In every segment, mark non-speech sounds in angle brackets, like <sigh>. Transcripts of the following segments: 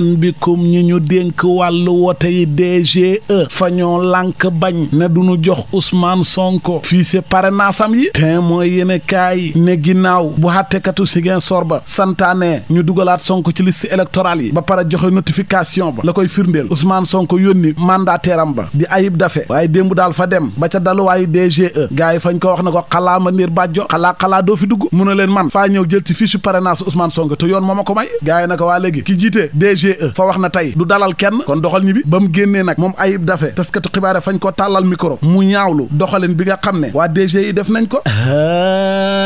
naan bikum ñi ñu dénk wàllu wote yi DGE fa ñoo lànk bañ ne du ñu jox Ousmane Sonko fii si parrainage am yi te mooy yéene kaay ne ginnaaw bu xàttekatu Ziguinchor ba santaane ñu dugalaat Sonko ci liste électorale yi ba pare joxe notification ba la koy firndeel Ousmane Sonko yónni mandataire am ba di Ayib Daffé waaye démb daal fa dem ba ca daluwaayu DGE gars yi fañ ko wax na ko xalaa ma niir bàjjo xalaa xalaa doo fi dugg mu ne leen man faa ñëw jël fii fiche parrainage na ko waa léegi GIE fa wax na tey du dalal kenn kon doxal ñi bi ba mu génnee nag moom Ayib Daffé taskatu xibaare fañ ko tàllal micro mu ñaawlu doxalin bi nga xam ne waa DGI def nañ ko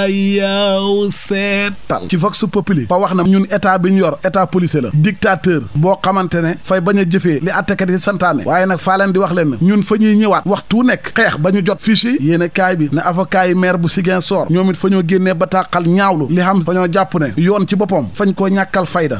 yaw seetal ci vox populi fa wax na ñun état bi ñu yor état policier la dictateur boo xamante ne fay bañ a jëfee li attekat yi santaane waaye nag faa leen di wax leen ne ñun fa ñuy ñëwaat waxtu nekk xeex ba ñu jot fiche yi yéen kaay bi ne avocat yi maire bu Ziguinchor ñoom it fa ñoo génnee bataaxal ñaawlu li xam fa ñoo jàpp ne yoon ci boppam fañ koo ñàkkal fayda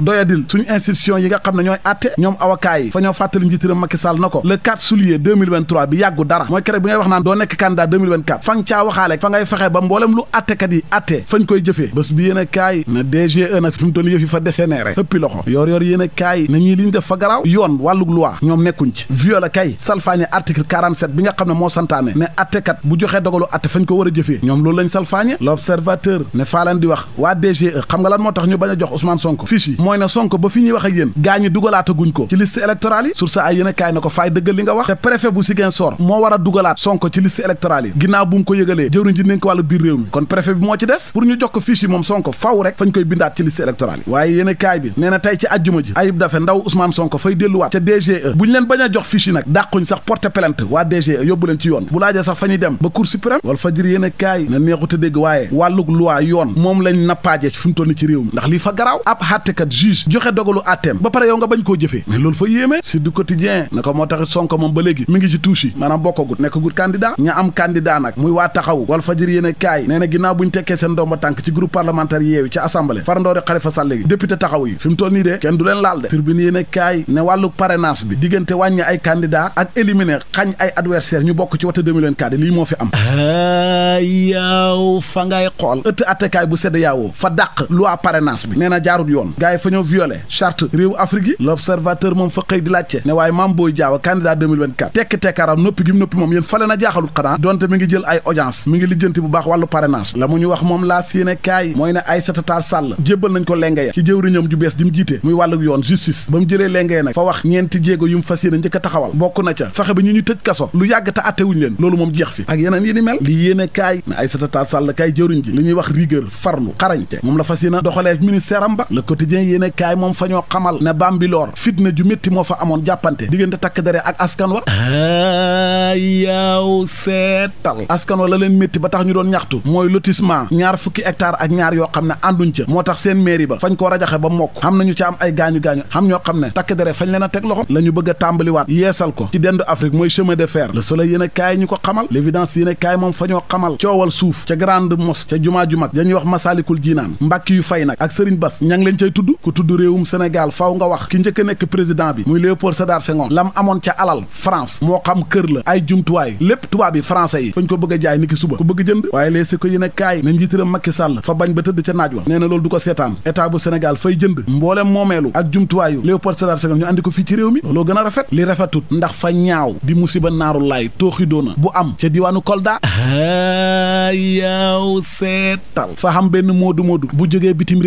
nga xam ne ñooy atte ñoom avocat yi fa ñoo fàttali njiitiram Macky Sall na ko le 4 juillet 2023 bi yàggu dara mooy keroog bi ngay wax naan doo nekk candidat 2024 fa waxaale fa ngay fexe ba mboolem lu attekat yi atte fañ koy jëfee bés bi yéen a kaay na DGE nag fi mu toll yëf yi fa deseneere loxo yor yor yéen kaay na ñii li ñu def fa garaaw yoon wàllug loi ñoom nekkuñ ci viole kay salfaañe article 47 bi nga xam ne moo santaane ne attekat bu joxee dogalu atte fañ ko war a jëfee ñoom loolu e nga lan moo tax ñu bañ a jox Ousmane Sonko fiche yi mooy ne Sonko fi ñuy wax ak gaa ñi dugalaataguñ ko ci liste électorale yi source ay yéen na ko faay dëggal nga wax te préfet bu Ziguinchor moo war dugalaat Sonko ci liste électorale ginnaaw bu ko yëgalee jëwriñ ji dénk wàllu biir réew mi kon préfet bi moo ci des pour ñu jox ko fiche moom Sonko faw rek fañ koy bindaat ci liste électorale waaye yéen bi nee na ci àjjuma ji Ayib Daffé ndaw Ousmane Sonko fay delluwaat ca DGE buñ leen bañ jox fiche nag dàquñ sax ba pare yow nga bañ koo jëfee mais loolu fa yéeme si du quotidien na ko moo taxit Sonko moom ba léegi mi ngi ci touche yi maanaam bokkagut nekkagut candidat ña am candidat nag muy waa taxaw wal fajir yéene kaay nee na ginnaaw bu ñu tekkee seen domba tànk ci groupe parlementaire yeewi ci assemblée farandoori Xalifa Sall gi député taxaw yi fi mu toll nii de kenn du leen laal de tribune yéene kaay ne wàllu parrainage bi diggante wàññi ay candidat ak éliminer xañ ay adversaire ñu bokk ci wata 2024 lii moo fi am yaaw fa ngay xool ëtt attekaay bu sedd yaawoo fa dàq loi parrainage bi nee na jaarut yoon gars yi fa ñëw violé réewu Afrique yi l'observateur moom fa xëy di laajte ne waaye Mame Boye Diao candidat 2024 tekk tekkaaram noppi gi mu noppi ngi jël ay audience mi ngi lijjanti bu baax wàllu parrainage la mu ñu wax moom laas yéene kaay mooy ne Sall jébbal nañ ko lenga ya ci jëwriñam ju bees ji mu jiite muy wàlluk yoon justice ba jëlee lenga ya nag fa wax ñeenti jéego yu mu fas yéene bokk na ca fexe ba ñu ñu tëj kaso lu yàgg te attewuñ leen loolu moom jeex fi ak yeneen yi ni mel li yéene kaay ne Aïssata Tall Sall kaay ñuy wax rigueur farlu xarañte moom la fas yéene doxalee ministère am ba le quotidien yéene kaay moom fa ñoo xamal ne Bambilor fitna ju métti moo fa amoon jàppante diggante takk dere ak askan wa ah, yaaw seetal askan wa la leen métti ba tax ñu doon ñaxtu mooy lotissement ñaar fukki hectare ak ñaar yoo xam ne ànduñ ca moo tax seen mairie ba fañ ko rajaxe ba mokk xam nañu ci am ay gaañu-gaañu xam ñoo xam ne takk dere fañ leen a teg loxo la ñu bëgg a tàmbaliwaat yeesal ko ci dendu Afrique mooy chemin de fer la soleil yéen a kaay ñu ko xamal l'évidence yéen a kaay moom fañoo ñoo xamal coowal suuf grande mosquée ca jumaa ju mag dañuy wax masaalikul jinaan mbàkki yu fay nag ak sëriñ bas ña ngi leen cay tudd ku tudd réewum Sénégal faw nga wax ki njëkk a nekk président bi muy Léopold Sédar lam amoon ca alal France moo xam kër la ay jumtuwaay lépp tubaab yi français yi fañ ko bëgg jënd waaye léeg si ko yéen a kaay na njiitaram Macky Sall fa bañ ba tëdd ca naaj wa nee na loolu du ko seetaan état bu Sénégal fay jënd mbooleem moomeelu ak jumtuwaayu Léopold Sédar ñu andi ko fii ci réew mi looloo gën a rafet li rafetut ndax fa ñaaw di musiba naaru laay tooxi doona bu am ca diwaanu Kolda yaaw seetal fa xam benn moodu moodu bu jógee bitim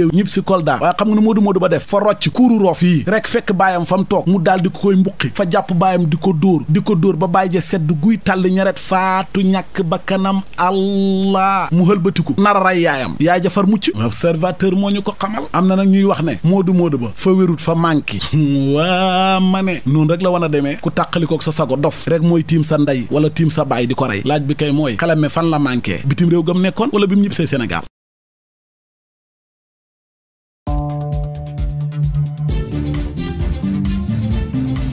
dof yi rek fekk baayam fa mu toog mu daal di ko koy mbuqi fa jàpp baayam di ko dóor di ko dóor ba bàyyi ja sedd guy tàll ñaret faatu ñàkk ba kanam allah mu hëlbatiku nar a yaayam yaay ja mucc observateur moo ñu ko xamal am na nag ñuy wax ne moo moodu moodu ba fa wérut fa manqué <laughs> waa ma ne noonu rek la wan a demee ku tàqalikook sa sago dof rek mooy tiim sa ndey wala tiim sa baay di ko rey laaj bi kay mooy xalame fan la manqué bitim réew gam nekkoon wala bi mu ñibbisee Sénégal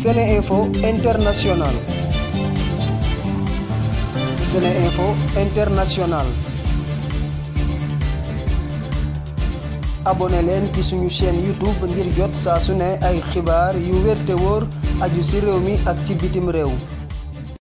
SeneInfo International SeneInfo International abonné leen ci suñu chaîne YouTube ngir jot saa su ne ay xibaar yu wér wor wóor aju ci réew mi ak ci bitim réew